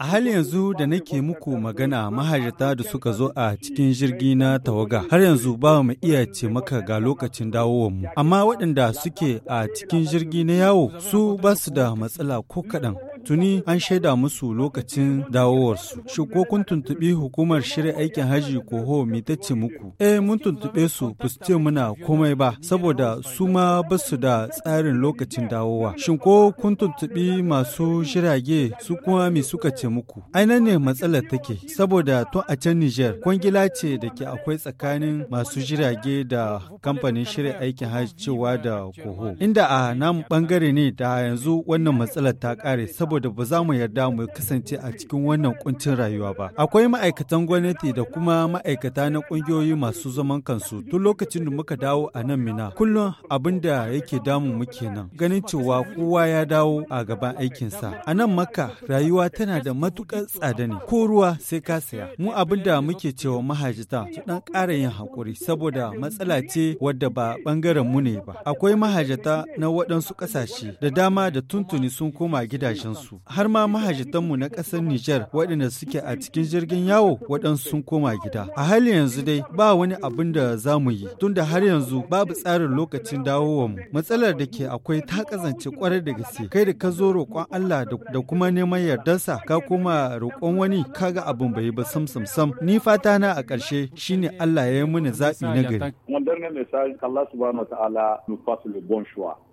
A hal yanzu da nake muku magana mahajata da suka zo a cikin jirgi na tawaga har yanzu ba mu iya ce maka ga lokacin mu Amma waɗanda suke a cikin jirgi na yawo su basu da matsala ko kaɗan tuni an shaida musu lokacin dawowarsu. Shi ko kun tuntuɓi hukumar shirin aikin haji koho mai ta ce muku? Eh mun tuntuɓe su ba su ce muna komai ba saboda su ma ba su da tsarin lokacin dawowa. Shin ko kun tuntuɓi masu shirage su kuma mai suka ce muku? Aina ne matsalar take saboda tun a can Nijar kwangila ce da ke akwai tsakanin masu jirage da kamfanin shirin aikin haji cewa da koho. Inda a nan bangare ne da yanzu wannan matsalar ta kare saboda saboda ba za mu yarda mu kasance a cikin wannan kuncin rayuwa ba. Akwai ma'aikatan gwamnati da kuma ma'aikata na ƙungiyoyi masu zaman kansu tun lokacin da muka dawo a nan mina. Kullum abin da yake damu muke nan. ganin cewa kowa ya dawo a gaban aikinsa. A nan maka rayuwa tana da matukar tsada ne ko ruwa sai ka saya. Mu abin da muke cewa mahajita su dan ƙara yin hakuri saboda matsala ce wadda ba bangaren mu ne ba. Akwai mahajata na waɗansu ƙasashe da dama da tuntuni sun koma gidajensu. su. Har ma mahajjatanmu na ƙasar Nijar waɗanda suke a cikin jirgin yawo waɗansu sun koma gida. A hali yanzu dai ba wani abin da za mu yi tunda har yanzu babu tsarin lokacin dawowa mu Matsalar da ke akwai ta kazance kwarai da gaske. Kai da ka zo roƙon Allah da kuma neman yardarsa ka kuma roƙon wani kaga abin bai ba sam sam sam. Ni fata na a ƙarshe shine Allah ya yi mini zaɓi na gari. Mon dernier subhanahu wa ta'ala le bon choix.